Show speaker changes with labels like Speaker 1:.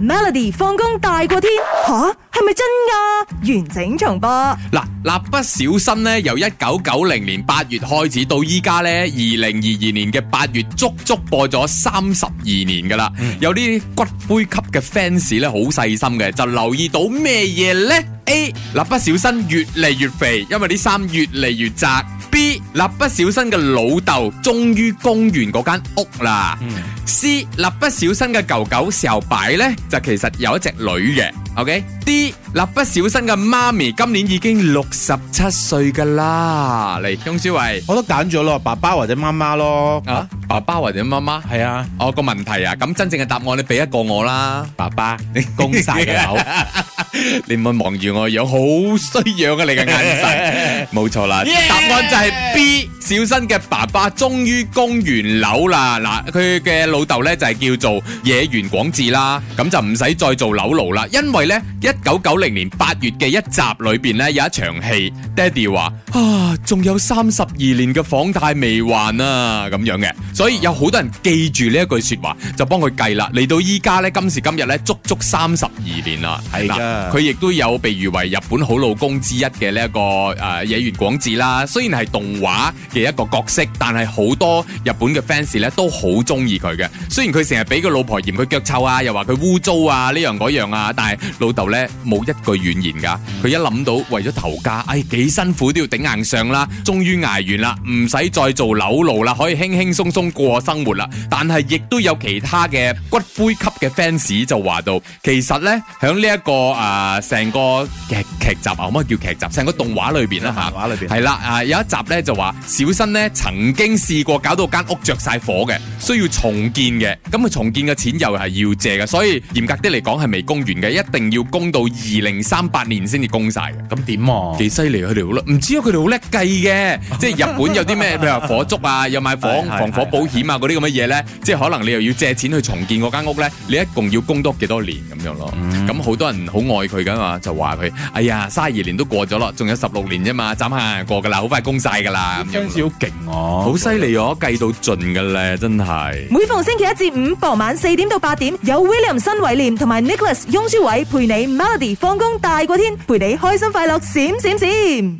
Speaker 1: Melody 放工大過天吓，係咪真㗎？完整重播嗱，蠟筆小新咧由一九九零年八月開始到依家咧二零二二年嘅八月，足足播咗三十二年㗎啦。有啲骨灰級嘅 fans 咧好細心嘅，就留意到咩嘢呢？A 蠟筆小新越嚟越肥，因為啲衫越嚟越窄。B 蠟筆小新嘅老豆終於供完嗰間屋啦。C 蠟筆小新嘅狗狗時候擺呢，就其實有一隻女嘅。OK D 蠟筆小新嘅媽咪今年已經六十七歲㗎啦。嚟鍾小慧，我都揀咗咯，爸爸或者媽媽咯。啊，爸爸或者媽媽係啊。哦，我個問題啊，咁真正嘅答案你俾一個我啦。爸爸，你供晒嘅屋。你唔好望住我樣，好衰樣啊！你嘅眼神，冇錯 啦，Yeah! 答案就係 B。小新嘅爸爸終於供完樓啦！嗱，佢嘅老豆呢，就係叫做野原廣志啦，咁就唔使再做樓奴啦。因為呢，一九九零年八月嘅一集裏邊呢，有一場戲，爹哋話啊，仲有三十二年嘅房貸未還啊，咁樣嘅，所以有好多人記住呢一句説話，就幫佢計啦。嚟到依家呢，今時今日呢，足足三十二年啦，係㗎。佢亦都有被譽為日本好老公之一嘅呢一個誒，呃，野原廣志啦。雖然係動畫，嘅一個角色，但係好多日本嘅 fans 咧都好中意佢嘅。雖然佢成日俾個老婆嫌佢腳臭啊，又話佢污糟啊呢樣嗰樣啊，但係老豆咧冇一句怨言噶。佢一諗到為咗頭家，哎，幾辛苦都要頂硬上啦。終於挨完啦，唔使再做扭路啦，可以輕輕鬆鬆過生活啦。但係亦都有其他嘅骨灰級。嘅 fans 就話到，其實咧響呢一、這個誒成、呃、個劇劇集啊，可唔可以叫劇集？成個動畫裏邊啦吓，動畫、嗯、裏邊係啦啊！有一集咧就話，小新呢曾經試過搞到間屋着晒火嘅，需要重建嘅，咁佢重建嘅錢又係要借嘅，所以嚴格啲嚟講係未供完嘅，一定要供到二零三八年先至供晒。咁點啊？幾犀利佢哋好啦，唔知佢哋好叻計嘅，計 即係日本有啲咩譬如話火燭啊，有買房、 對對對對防火保險啊嗰啲咁嘅嘢咧，即係可能你又要借錢去重建嗰間屋咧。你一共要供多幾多年咁樣咯？咁好多人好愛佢噶嘛，就話佢哎呀，卅二年都過咗咯，仲有十六年啫嘛，斬下過噶啦，好快供晒噶啦。呢張紙好勁哦，好犀利哦，計到盡噶咧，真係。每逢星期一至五傍晚四點到八點，有 William 新偉廉同埋 Nicholas 雍舒偉陪你 Melody 放工大過天，陪你開心快樂閃閃閃。閃閃閃閃